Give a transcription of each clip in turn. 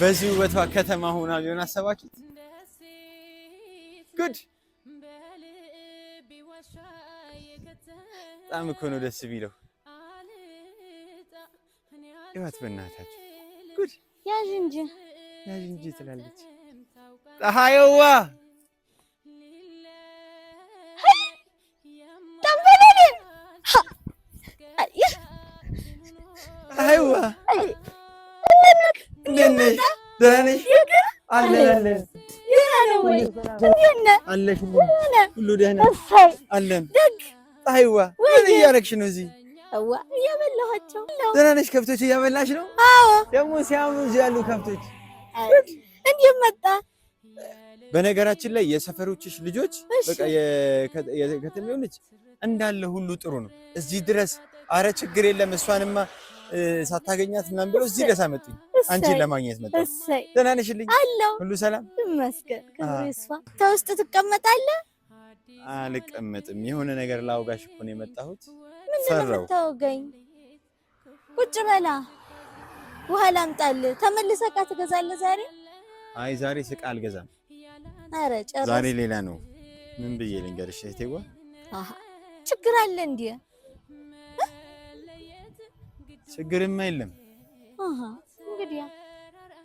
በዚህ ውበቷ ከተማ ሆና ቢሆን አሰባችሁት? ጉድ! በጣም እኮ ነው ደስ የሚለው። ይወት በእናታችሁ ጉድ! ያዥ እንጂ ያዥ እንጂ ትላለች ፀሐይዋ ጠንበለል ሁሉ ነው እዚህ? ነሽ? ከብቶች እያበላሽ ነው? አዎ። ደግሞ ሲያምሩ እዚህ ያሉ ከብቶች እንዴት መጣ? በነገራችን ላይ የሰፈሮችሽ ልጆች በቃ እንዳለ ሁሉ ጥሩ ነው። እዚህ ድረስ አረ ችግር የለም እሷንማ ሳታገኛት ምናምን ብለው እዚህ ድረስ አመጡኝ። አንቺን ለማግኘት መጣሁ። ደህና ነሽልኝ? አለሁ። ሁሉ ሰላም ይመስገን። ክብሩ ይስፋ። ከውስጥ ትቀመጣለህ? አልቀመጥም። የሆነ ነገር ላውጋሽ እኮ ነው የመጣሁት። ምንድን ነው የምታወጋኝ? ቁጭ በላ። ውሃ ላምጣልህ። ተመልሰ እቃ ትገዛለህ ዛሬ? አይ ዛሬ ስቃ አልገዛም። ኧረ ጨረስኩ። ዛሬ ሌላ ነው። ምን ብዬ ልንገርሽ እህቴዋ? አሃ ችግር አለ እንዴ? ችግርም የለም። አሃ እንግዲህ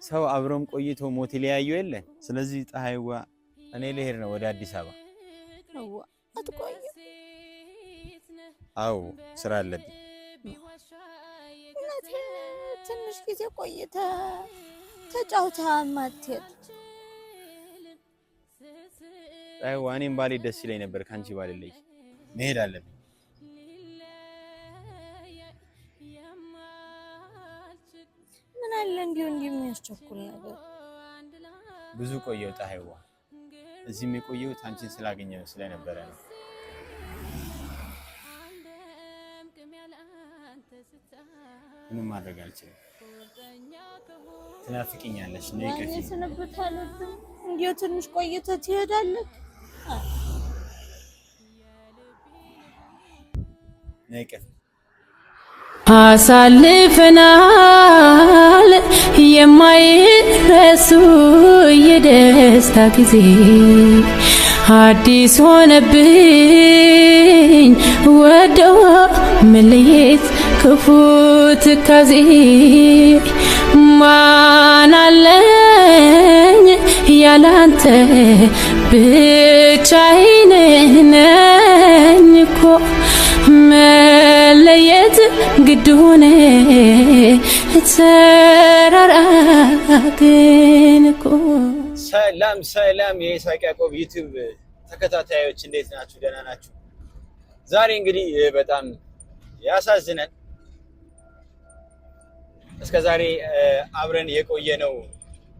ሰው አብሮም ቆይቶ ሞት ሊያዩ የለ። ስለዚህ ፀሐይዋ እኔ ልሄድ ነው ወደ አዲስ አበባ። አትቆይ? አዎ ስራ አለብኝ። ትንሽ ጊዜ ቆይተ ተጫውታ ማትሄድ ፀሐይዋ፣ እኔም ባሌ ደስ ይለኝ ነበር ከአንቺ ባልለይ። መሄድ አለብኝ ምን አለ እንዲሁ እንዲህ የሚያስቸኩል ነገር። ብዙ ቆየው ፀሐይዋ። እዚህም የቆየሁት አንቺን ስላገኘ ስለነበረ ነው። ምንም ማድረግ አልችልም። ትናፍቅኛለች። ስንብት አልወድም። እንዲሁ ትንሽ ቆይተህ ትሄዳለች። ነይ ቀፍ አሳልፈናል የማይረሱ የደስታ ጊዜ አዲስ ሆነብኝ ወደው መለየት ክፉ ትካዜ ማናለኝ ያላንተ ብቻዬን ነኝ እኮ ማለት ግድ ሆነ ተራራቅን እኮ። ሰላም ሰላም፣ የይስሐቅ ያዕቆብ ዩቲዩብ ተከታታዮች እንዴት ናችሁ? ደህና ናችሁ? ዛሬ እንግዲህ በጣም ያሳዝነን እስከ ዛሬ አብረን የቆየ ነው።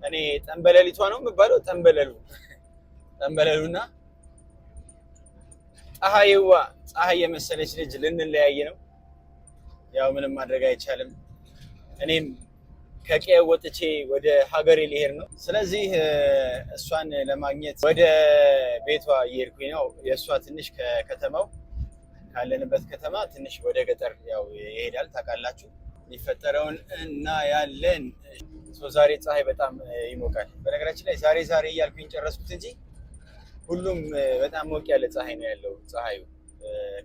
እኔ ጠንበለሊቷ ነው የምባለው ጠንበለሉ ጠንበለሉና ፀሐይዋ ፀሐይ የመሰለች ልጅ ልንለያየ ነው። ያው ምንም ማድረግ አይቻልም። እኔም ከቄ ወጥቼ ወደ ሀገሬ ሊሄድ ነው። ስለዚህ እሷን ለማግኘት ወደ ቤቷ እየሄድኩኝ ነው። የእሷ ትንሽ ከከተማው ካለንበት ከተማ ትንሽ ወደ ገጠር ያው ይሄዳል። ታውቃላችሁ የሚፈጠረውን እና ያለን ዛሬ ፀሐይ በጣም ይሞቃል። በነገራችን ላይ ዛሬ ዛሬ እያልኩኝ ጨረስኩት እንጂ ሁሉም በጣም ሞቅ ያለ ፀሐይ ነው ያለው ፀሐዩ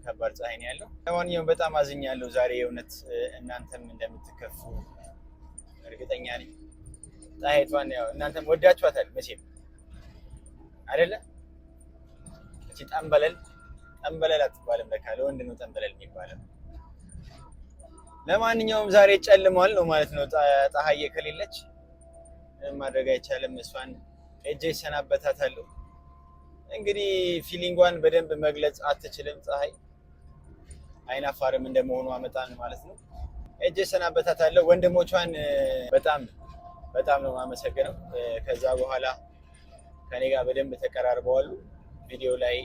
ከባድ ፀሐይ ነው ያለው። ለማንኛውም በጣም አዝኛለሁ ዛሬ የእውነት እናንተም እንደምትከፉ እርግጠኛ ነኝ። ፀሐይቷን ያው እናንተም ወዳችኋታል መቼም አይደለ? እቺ ጠንበለል ጠንበለል አትባልም ለካ ለወንድ ነው ጠንበለል የሚባለው። ለማንኛውም ዛሬ ጨልሟል ነው ማለት ነው። ፀሐይ ከሌለች ማድረግ አይቻልም። እሷን እጄ ይሰናበታታለሁ። እንግዲህ ፊሊንጓን በደንብ መግለጽ አትችልም። ፀሐይ አይናፋርም እንደመሆኗ አመጣን ማለት ነው። እጅ ሰናበታታለሁ። ወንድሞቿን በጣም በጣም ነው የማመሰግነው። ከዛ በኋላ ከኔ ጋር በደንብ ተቀራርበዋሉ። ቪዲዮ ላይ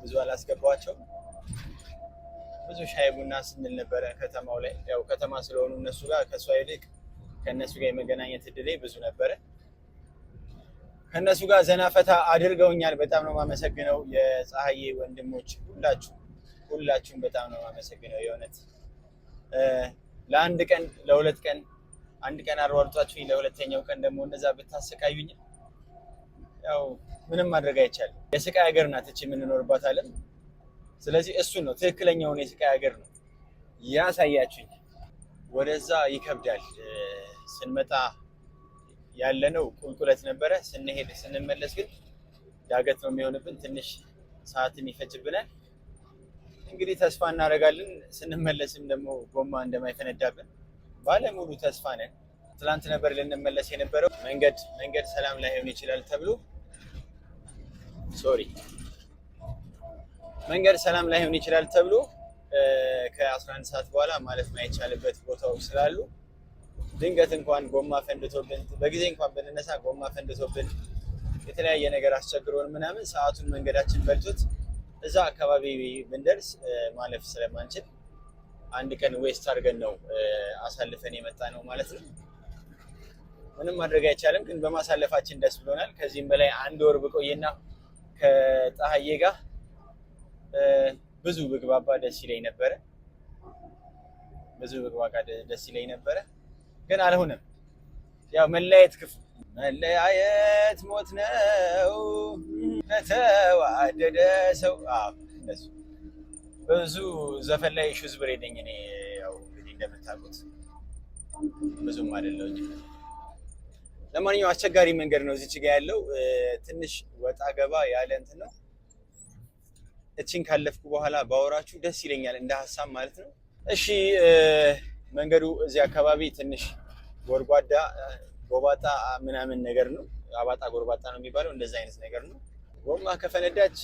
ብዙ አላስገባቸውም። ብዙ ሻይ ቡና ስንል ነበረ ከተማው ላይ ያው ከተማ ስለሆኑ እነሱ ጋር ከእሷ ይልቅ ከእነሱ ጋር የመገናኘት እድሌ ብዙ ነበረ። ከእነሱ ጋር ዘናፈታ አድርገውኛል። በጣም ነው የማመሰግነው። የፀሐዬ ወንድሞች ሁላችሁ ሁላችሁም በጣም ነው የማመሰግነው። የእውነት ለአንድ ቀን ለሁለት ቀን አንድ ቀን አሯርጧችሁኝ ለሁለተኛው ቀን ደግሞ እነዛ ብታሰቃዩኝ ያው ምንም ማድረግ አይቻልም። የስቃይ ሀገር ናት እች የምንኖርባት ዓለም። ስለዚህ እሱ ነው ትክክለኛውን የስቃይ ሀገር ነው ያሳያችሁኝ። ወደዛ ይከብዳል ስንመጣ ያለነው ቁልቁለት ነበረ። ስንሄድ ስንመለስ ግን ዳገት ነው የሚሆንብን፣ ትንሽ ሰዓትም ይፈጅብናል። እንግዲህ ተስፋ እናደርጋለን ስንመለስም ደግሞ ጎማ እንደማይፈነዳብን ባለሙሉ ተስፋ ነን። ትላንት ነበር ልንመለስ የነበረው መንገድ መንገድ ሰላም ላይሆን ይችላል ተብሎ ሶሪ መንገድ ሰላም ላይሆን ይችላል ተብሎ ከ11 ሰዓት በኋላ ማለት ማይቻልበት ቦታው ስላሉ ድንገት እንኳን ጎማ ፈንድቶብን በጊዜ እንኳን ብንነሳ ጎማ ፈንድቶብን የተለያየ ነገር አስቸግሮን ምናምን ሰዓቱን መንገዳችን በልቶት እዛ አካባቢ ብንደርስ ማለፍ ስለማንችል አንድ ቀን ዌስት አድርገን ነው አሳልፈን የመጣ ነው ማለት ነው። ምንም ማድረግ አይቻልም፣ ግን በማሳለፋችን ደስ ብሎናል። ከዚህም በላይ አንድ ወር ብቆይና ከፀሐዬ ጋር ብዙ ብግባባ ደስ ይለኝ ነበረ። ብዙ ብግባባ ደስ ይለኝ ነበረ። ግን አልሆነም። ያው መለያየት ክፍ መለያየት ሞት ነው ለተዋደደ ሰው። ብዙ ዘፈን ላይ ሹዝ ብሬ ነኝ እኔ። ያው እንግዲህ እንደምታውቁት ብዙም ለማንኛውም አስቸጋሪ መንገድ ነው እዚች ጋ ያለው። ትንሽ ወጣ ገባ ያለ እንትን ነው። እችን ካለፍኩ በኋላ ባወራችሁ ደስ ይለኛል፣ እንደ ሀሳብ ማለት ነው። እሺ መንገዱ እዚህ አካባቢ ትንሽ ጎርጓዳ ጎባጣ ምናምን ነገር ነው። አባጣ ጎርባጣ ነው የሚባለው። እንደዚ አይነት ነገር ነው። ጎማ ከፈነዳች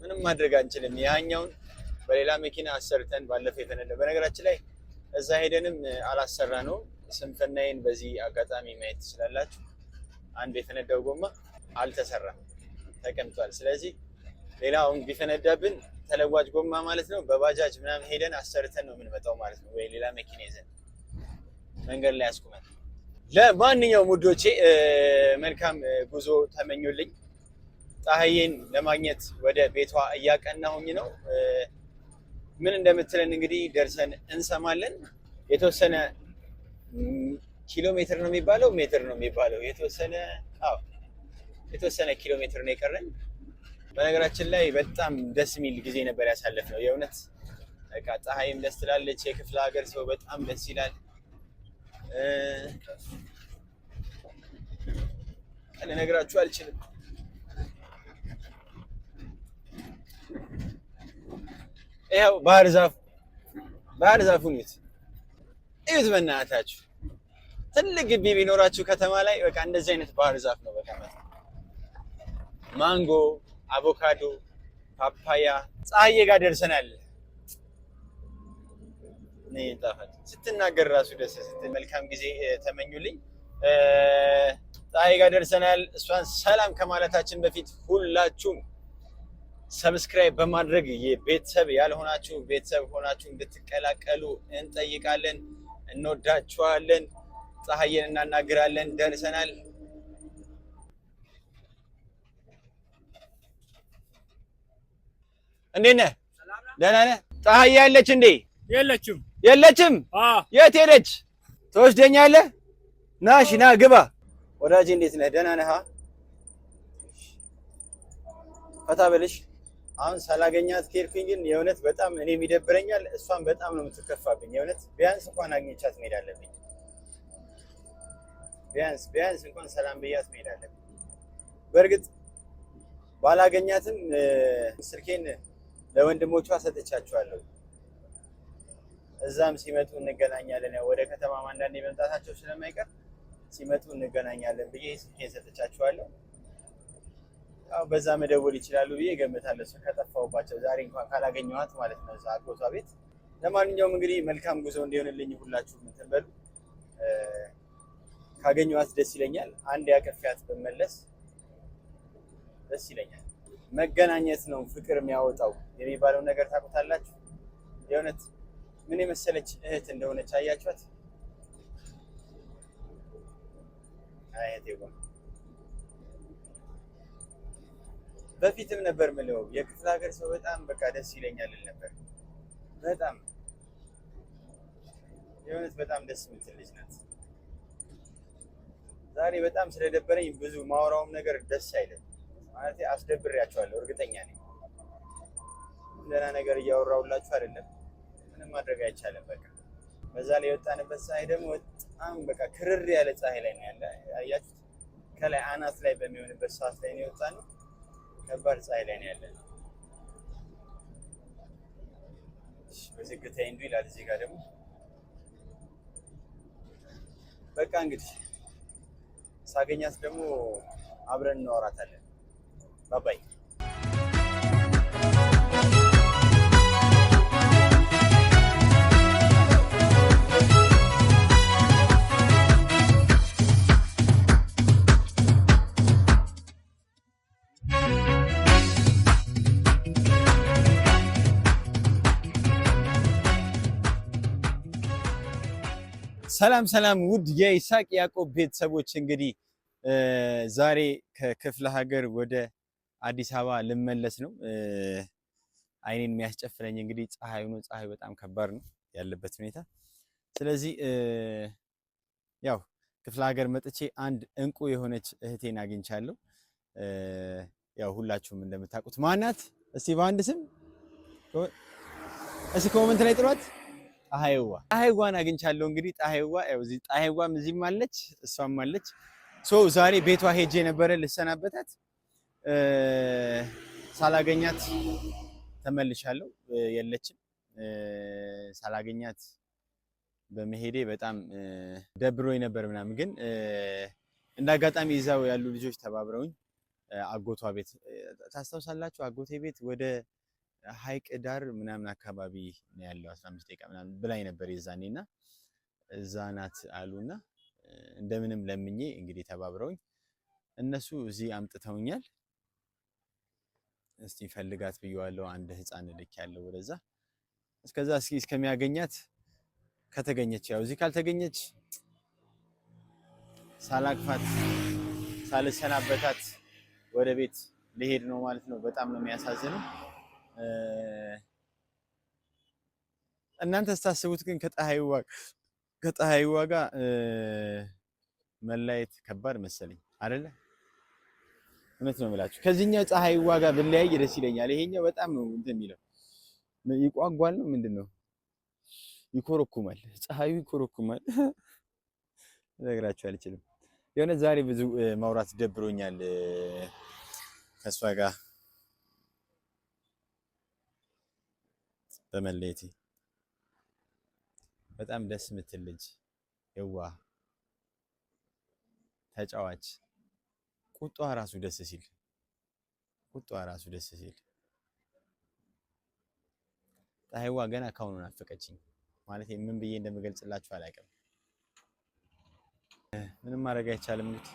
ምንም ማድረግ አንችልም። ያኛውን በሌላ መኪና አሰርተን ባለፈው የፈነዳ በነገራችን ላይ እዛ ሄደንም አላሰራ ነው። ስንፍናዬን በዚህ አጋጣሚ ማየት ትችላላችሁ። አንድ የፈነዳው ጎማ አልተሰራም፣ ተቀምጧል። ስለዚህ ሌላ ቢፈነዳብን ተለዋጭ ጎማ ማለት ነው በባጃጅ ምናምን ሄደን አሰርተን ነው የምንመጣው ማለት ነው፣ ወይ ሌላ መኪና ይዘን መንገድ ላይ አስቁመን። ለማንኛውም ውዶቼ መልካም ጉዞ ተመኞልኝ? ፀሀይን ለማግኘት ወደ ቤቷ እያቀናሁኝ ነው። ምን እንደምትለን እንግዲህ ደርሰን እንሰማለን። የተወሰነ ኪሎ ሜትር ነው የሚባለው ሜትር ነው የሚባለው የተወሰነ የተወሰነ ኪሎ ሜትር ነው የቀረን በነገራችን ላይ በጣም ደስ የሚል ጊዜ ነበር ያሳለፍ ነው። የእውነት በቃ ፀሐይም ደስ ትላለች፣ የክፍለ ሀገር ሰው በጣም ደስ ይላል። ልነግራችሁ አልችልም። ይኸው ባህር ዛፍ ባህር ዛፉን እዩት እዩት፣ በእናታችሁ ትልቅ ግቢ ቢኖራችሁ ከተማ ላይ በቃ እንደዚህ አይነት ባህር ዛፍ ነው በቃ ማንጎ አቮካዶ፣ ፓፓያ ፀሐዬ ጋር ደርሰናል። ጣፋጭ ስትናገር ራሱ ደስ ስትል መልካም ጊዜ ተመኙልኝ። ፀሐዬ ጋር ደርሰናል። እሷን ሰላም ከማለታችን በፊት ሁላችሁም ሰብስክራይብ በማድረግ የቤተሰብ ያልሆናችሁ ቤተሰብ ሆናችሁ እንድትቀላቀሉ እንጠይቃለን። እንወዳችኋለን። ፀሐዬን እናናግራለን። ደርሰናል። እንዴት ነህ? ደህና ነህ? ፀሐይ ያለች እንዴ? የለችም። የለችም? የት ሄደች? ትወስደኛለህ? ና እሺ፣ ና ግባ። ወዳጅ እንዴት ነህ? ደህና ነህ? ፈታ በልሽ። አሁን ሳላገኛት ከሄድኩኝ ግን የእውነት በጣም እኔ ይደብረኛል፣ እሷን በጣም ነው የምትከፋብኝ። የእውነት ቢያንስ እንኳን አግኝቻት መሄድ አለብኝ። ቢያንስ ቢያንስ እንኳን ሰላም ብያት መሄድ አለብኝ። በእርግጥ ባላገኛትም ስልኬን ለወንድሞቿ ሰጥቻቸዋለሁ። እዛም ሲመጡ እንገናኛለን። ያው ወደ ከተማ አንዳንዴ መምጣታቸው ስለማይቀር ሲመጡ እንገናኛለን ብዬ ስልኬን ሰጥቻቸዋለሁ። ያው በዛ መደወል ይችላሉ ብዬ እገምታለሁ፣ እሱን ከጠፋሁባቸው ዛሬ እንኳን ካላገኘኋት ማለት ነው እዛ አጎቷ ቤት። ለማንኛውም እንግዲህ መልካም ጉዞ እንዲሆንልኝ ሁላችሁ ምትንበሉ ካገኘኋት ደስ ይለኛል። አንድ ያቀፊያት ብመለስ ደስ ይለኛል። መገናኘት ነው ፍቅር የሚያወጣው የሚባለው ነገር ታውቁታላችሁ። የእውነት ምን የመሰለች እህት እንደሆነች አያችኋት። በፊትም ነበር ምለው የክፍለ ሀገር ሰው በጣም በቃ ደስ ይለኛል ነበር። በጣም የእውነት በጣም ደስ የምትል ልጅ ናት። ዛሬ በጣም ስለደበረኝ ብዙ ማውራውም ነገር ደስ አይለም። ማለት አስደብሬያቸዋለሁ፣ እርግጠኛ ነኝ። ደህና ነገር እያወራሁላችሁ አይደለም። ምንም ማድረግ አይቻልም። በቃ በዛ ላይ የወጣንበት ፀሐይ ደግሞ በጣም በቃ ክርር ያለ ፀሐይ ላይ ነው ያለ። አያችሁት? ከላይ አናት ላይ በሚሆንበት ሰዓት ላይ ነው የወጣነው። ከባድ ፀሐይ ላይ ነው ያለ። በዝግታ እንዱ ይላል። እዚህ ጋር ደግሞ በቃ እንግዲህ ሳገኛት ደግሞ አብረን እናወራታለን። Bye-bye. ሰላም ሰላም ውድ የይስሐቅ ያዕቆብ ቤተሰቦች እንግዲህ ዛሬ ከክፍለ ሀገር ወደ አዲስ አበባ ልመለስ ነው። አይኔን የሚያስጨፍለኝ እንግዲህ ፀሐዩ ነው። ፀሐይ በጣም ከባድ ነው ያለበት ሁኔታ። ስለዚህ ያው ክፍለ ሀገር መጥቼ አንድ እንቁ የሆነች እህቴን አግኝቻለሁ። ያው ሁላችሁም እንደምታውቁት ማናት? እስቲ በአንድ ስም እስቲ ኮመንት ላይ ጥሯት። ፀሐይዋ ፀሐይዋን አግኝቻለሁ። እንግዲህ ፀሐይዋ ያው እዚህ ፀሐይዋም እዚህም አለች፣ እሷም አለች። ሶ ዛሬ ቤቷ ሄጄ ነበረ ልሰናበታት ሳላገኛት ተመልሻለሁ። የለችም። ሳላገኛት በመሄዴ በጣም ደብሮኝ ነበር ምናምን፣ ግን እንደ አጋጣሚ ይዛው ያሉ ልጆች ተባብረውኝ አጎቷ ቤት ታስታውሳላችሁ፣ አጎቴ ቤት ወደ ሀይቅ ዳር ምናምን አካባቢ ነው ያለው። 15 ደቂቃ ምናምን ብላኝ ነበር የዛኔ እና እዛ ናት አሉና እንደምንም ለምኜ እንግዲህ ተባብረውኝ እነሱ እዚህ አምጥተውኛል። እስቲ ፈልጋት ብየዋለው። አንድ ህፃን ልክ ያለው ወደዛ እስከዛ እስኪ እስከሚያገኛት ከተገኘች ያው እዚህ ካልተገኘች ሳላቅፋት ሳልሰናበታት ወደ ቤት ልሄድ ነው ማለት ነው። በጣም ነው የሚያሳዝነው። እናንተ ስታስቡት ግን ከፀሐይዋ ጋር መላየት ከባድ መሰለኝ አይደለ? እውነት ነው የምላችሁ። ከዚህኛው ፀሐይ ዋጋ ብለያይ ደስ ይለኛል። ይሄኛው በጣም ነው እንትን የሚለው ይቋጓል ነው ምንድን ነው ይኮረኩማል፣ ፀሐዩ ይኮረኩማል። እነግራችሁ አልችልም። የሆነ ዛሬ ብዙ ማውራት ደብሮኛል ከእሷ ጋር በመለየቴ በጣም ደስ የምትል ልጅ የዋ ተጫዋች ቁጧ ራሱ ደስ ሲል ቁጧ ራሱ ደስ ሲል ፀሐይዋ ገና ካሁኑ ናፈቀችኝ። ማለት ምን ብዬ እንደምገልጽላችሁ አላውቅም። ምንም ማድረግ አይቻልም። እንግዲህ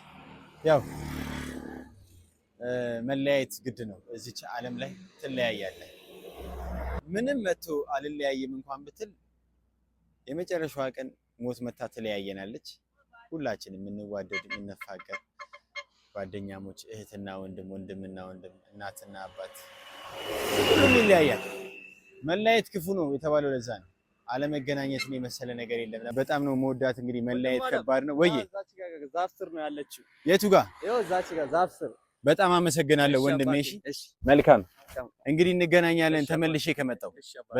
ያው መለያየት ግድ ነው። እዚች ዓለም ላይ ትለያያለህ። ምንም መቶ አልለያይም እንኳን ብትል የመጨረሻዋ ቀን ሞት መታ ትለያየናለች። ሁላችንም የምንዋደድ የምንፋቀር ጓደኛሞች፣ እህትና ወንድም፣ ወንድምና ወንድም፣ እናትና አባት፣ ሁሉም ይለያያል። መለያየት ክፉ ነው የተባለው ለዛ ነው። አለመገናኘትን የመሰለ ነገር የለም። በጣም ነው መወዳት። እንግዲህ መለያየት ከባድ ነው ወይ? ዛፍ ስር ነው ያለችው። የቱ ጋር? እዛች ጋር ዛፍ ስር። በጣም አመሰግናለሁ ወንድሜ። እሺ፣ መልካም እንግዲህ እንገናኛለን ተመልሼ ከመጣው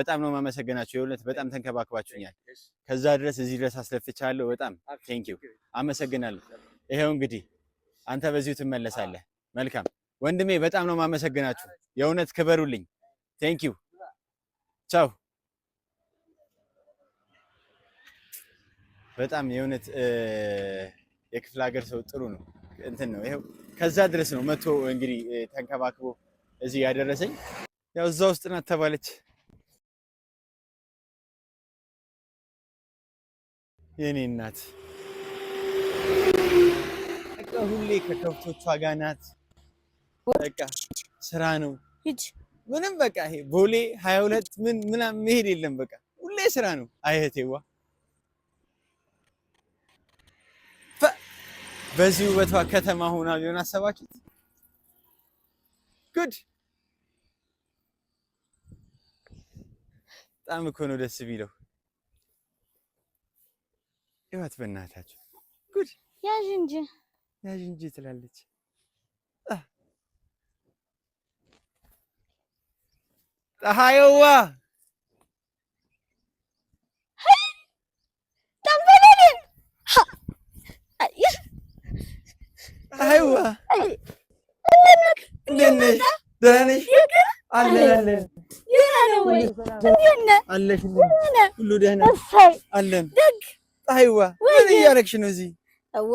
በጣም ነው የማመሰግናቸው። የእውነት በጣም ተንከባክባችሁኛል። ከዛ ድረስ እዚህ ድረስ አስለፍቻለሁ። በጣም ቴንኪው፣ አመሰግናለሁ። ይኸው እንግዲህ አንተ በዚሁ ትመለሳለህ። መልካም ወንድሜ፣ በጣም ነው ማመሰግናችሁ። የእውነት ክበሩልኝ። ቴንክ ዩ ቻው። በጣም የእውነት የክፍለ ሀገር ሰው ጥሩ ነው እንትን ነው ይኸው ከዛ ድረስ ነው መቶ እንግዲህ ተንከባክቦ እዚህ ያደረሰኝ። ያው እዛ ውስጥ ናት ተባለች። የኔ እናት ሁሌ ከከብቶቿ ጋር ናት። በቃ ስራ ነው ምንም በቃ ይሄ ቦሌ ሀያ ሁለት ምን ምናምን መሄድ የለም በቃ ሁሌ ስራ ነው። አየቴዋ በዚህ ውበቷ ከተማ ሆና ቢሆን አሰባችሁት? ጉድ በጣም እኮ ነው ደስ ቢለው። ይዋት በእናታችሁ ጉድ ያዥ እንጂ ناجي نجيت لعلت آه. اه هاي هو آه، ايوا نني داني الله الله الله الله الله الله الله الله الله الله الله الله الله الله الله እዋ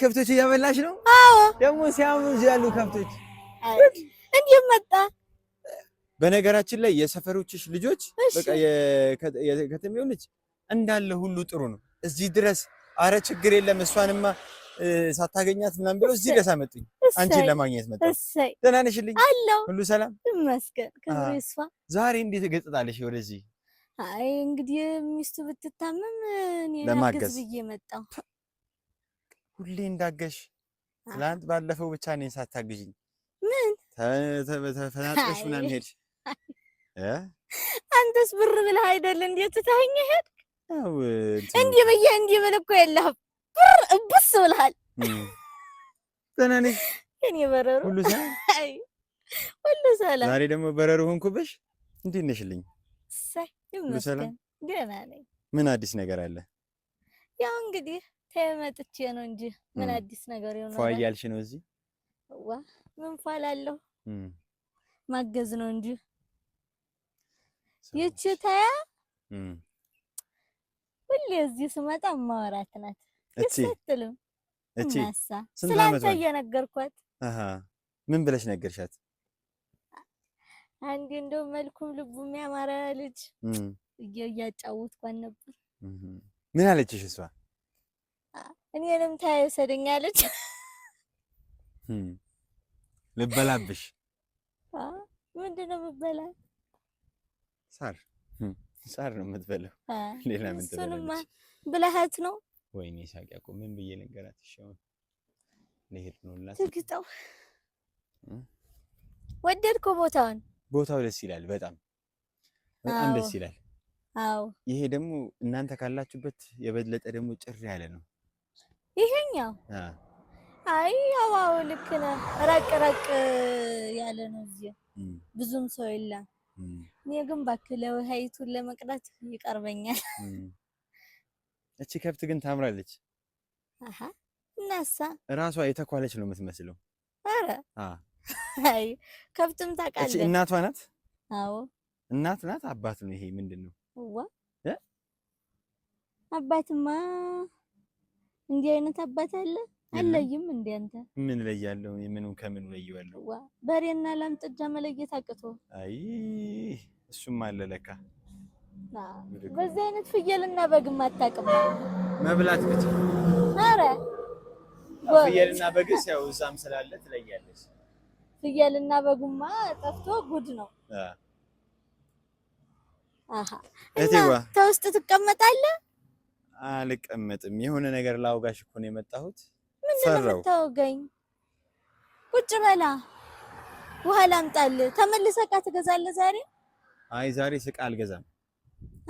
ከብቶች እያበላሽ ነው? አዎ። ደግሞ ሲያምሩ ያሉ ከብቶች እንዴት መጣ? በነገራችን ላይ የሰፈሮችሽ ልጆች በቃ የከተሜው ልጅ እንዳለ ሁሉ ጥሩ ነው። እዚህ ድረስ አረ ችግር የለም እሷንማ ሳታገኛት ምናምን ብሎ እዚህ ድረስ አመጡኝ። አንቺን ለማግኘት መጣ። ትናንሽ ሁሉ ሰላም ይመስገን። ዛሬ እንዴት ገጽታለሽ ወደዚህ አይ እንግዲህ ሚስቱ ብትታመም እኔ ለማገዝ ብዬ መጣሁ። ሁሌ እንዳገሽ ትናንት፣ ባለፈው ብቻ እኔን ሳታግዥኝ ምን ተፈናጥረሽ ምናምን ሄድሽ። አንተስ ብር ብለህ አይደል እንዴ ትታኝ ሄድክ? እንዲህ ብዬ እንዲህ ብል እኮ የለህም ብር እብስ ብልሃል። ዘናኔ እኔ በረሩ ሁሉ ሰላም፣ ሁሉ ሰላም። ዛሬ ደግሞ በረሩ ሆንኩብሽ። እንዴት ነሽልኝ? ሳይ ምን አዲስ ነገር አለ? ያው እንግዲህ ተመጥቼ ነው እንጂ ምን አዲስ ነገር ይሆናል? ፏ እያልሽ ነው እዚህ? ዋ ምን ፏ እላለሁ ማገዝ ነው እንጂ ይቺ ታያ ሁሌ እዚህ ስመጣ ማወራት ናት። እቺ ትልም እቺ ስላንተ እየነገርኳት። አሃ ምን ብለሽ ነገርሻት? አንድ እንደው መልኩም ልቡም ያማረ ልጅ እያጫወትኳን ነበር። ምን አለችሽ እሷ? እኔንም ታየሰደኛለች ልበላብሽ። ምንድን ነው የምትበላው? ሳር ሳር ነው የምትበለው? ሌላ ምን ትበላለች? ብልሃት ነው። ወይኔ ሳቅ ያቆም። ምን ብዬ ነገራት? እሺ ልሄድ ነው። ትግጠው ወደድኩ ቦታውን ቦታው ደስ ይላል። በጣም በጣም ደስ ይላል። አዎ ይሄ ደግሞ እናንተ ካላችሁበት የበለጠ ደግሞ ጭር ያለ ነው ይሄኛው። አይ አዋው ልክ ነህ። ራቅ ራቅ ያለ ነው እዚህ ብዙም ሰው የለም። እኔ ግን እባክህ ለውሃይቱን ለመቅዳት ይቀርበኛል። እቺ ከብት ግን ታምራለች። እናሳ ራሷ የተኳለች ነው የምትመስለው። ኧረ አይ ከብትም ታውቃለህ። እናቷ ናት። አዎ እናት ናት። አባት ነው። ይሄ ምንድን ነው? ዋ አባትማ እንዲህ አይነት አባት አለ። አለይም እንደ አንተ ምን እለያለሁ? ምኑ ከምኑ እለየዋለሁ? ዋ በሬና ላም ጥጃ መለየት አቅቶ? አይ እሱም አለ ለካ። በዚህ አይነት ፍየልና በግም አታውቅም። መብላት ብቻ። ኧረ ፍየልና በግስ ያው እዛም ስላለ ትለያለች። ፍየልና በጉማ ጠፍቶ ጉድ ነው። አሃ እህቴዋ ትቀመጣለህ? አልቀመጥም። የሆነ ነገር ላውጋሽ እኮ ነው የመጣሁት። ምንድን ነው ቁጭ በላ። ውሃ ላምጣልህ። ተመልሰህ ዕቃ ትገዛለህ ዛሬ? አይ ዛሬ ስቃ አልገዛም።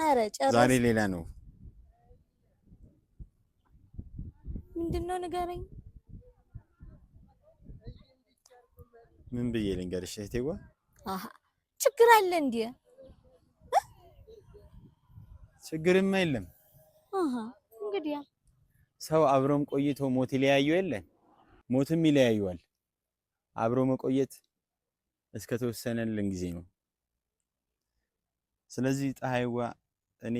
አረ ጨረስኩ። ዛሬ ሌላ ነው። ምንድነው ንገረኝ። ምን ብዬ ልንገርሽ እህቴዋ? አሃ ችግር አለ እንዴ? ችግርማ የለም። አሃ እንግዲህ ሰው አብሮም ቆይቶ ሞት ይለያዩ የለ ሞትም ይለያዩዋል። አብሮ መቆየት እስከ ተወሰነልን ጊዜ ነው። ስለዚህ ፀሐይዋ እኔ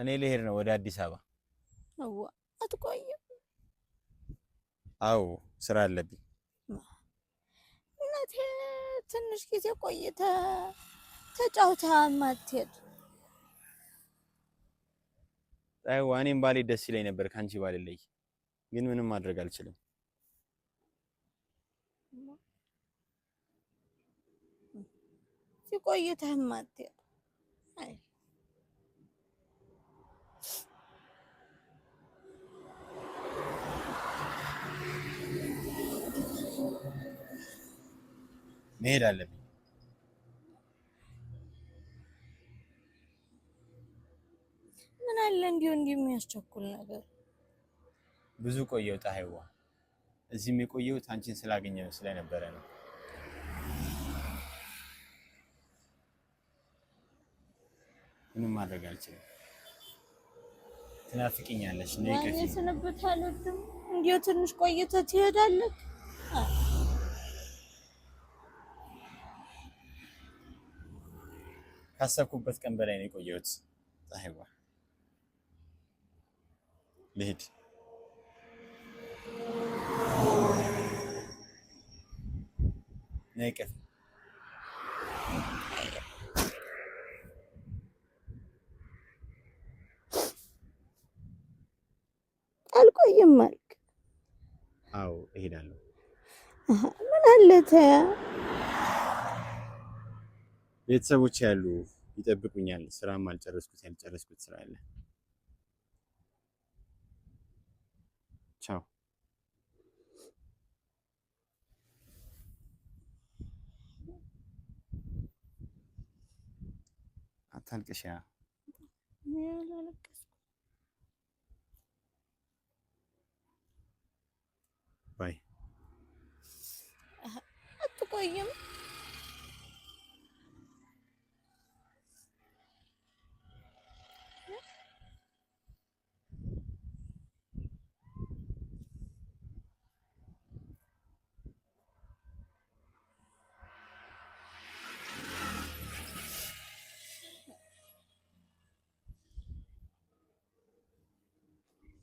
እኔ ልሄድ ነው ወደ አዲስ አበባ። አዎ፣ አትቆይም? አዎ፣ ስራ አለብኝ። እናቴ ትንሽ ጊዜ ቆይተ ተጫውታ ማትሄድ አይዋ፣ እኔም ባሌ ደስ ይለኝ ነበር ከአንቺ ባሌ ላይ ግን ምንም ማድረግ አልችልም። ማትሄድ አይ መሄድ አለብኝ። ምን አለ እንዲሁ እንዲህ የሚያስቸኩል ነገር። ብዙ ቆየው ፀሐይዋ። እዚህም የቆየሁት አንቺን ስላገኘ ስለነበረ ነው። ምንም ማድረግ አልችልም። ትናፍቅኛለሽ። ስንብት አልወድም። እንዲሁ ትንሽ ቆይተህ ትሄዳለህ ካሰብኩበት ቀን በላይ ነው የቆየሁት። ፀሐይዋ ልሂድ ነቅፍ አልቆይም አልክ? አዎ እሄዳለሁ። ምን አለ ተያ ቤተሰቦች ያሉ ይጠብቁኛል። ስራም አልጨረስኩት ያልጨረስኩት ስራ አለ። ቻው አታልቅሻ። ባይ አትቆይም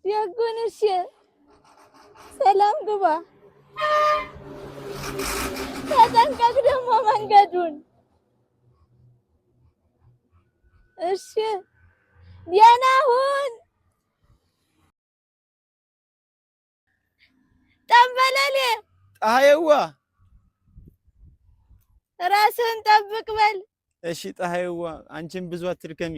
ዲያቆንሽ ሰላም ግባ። ተጠንቀቅ ደግሞ መንገዱን። እሺ ደህና ሁን። ጠንበለሌ ፀሐይዋ ራስን ጠብቅ በል። እሺ ፀሐይዋ አንቺን ብዙ አትድከሚ።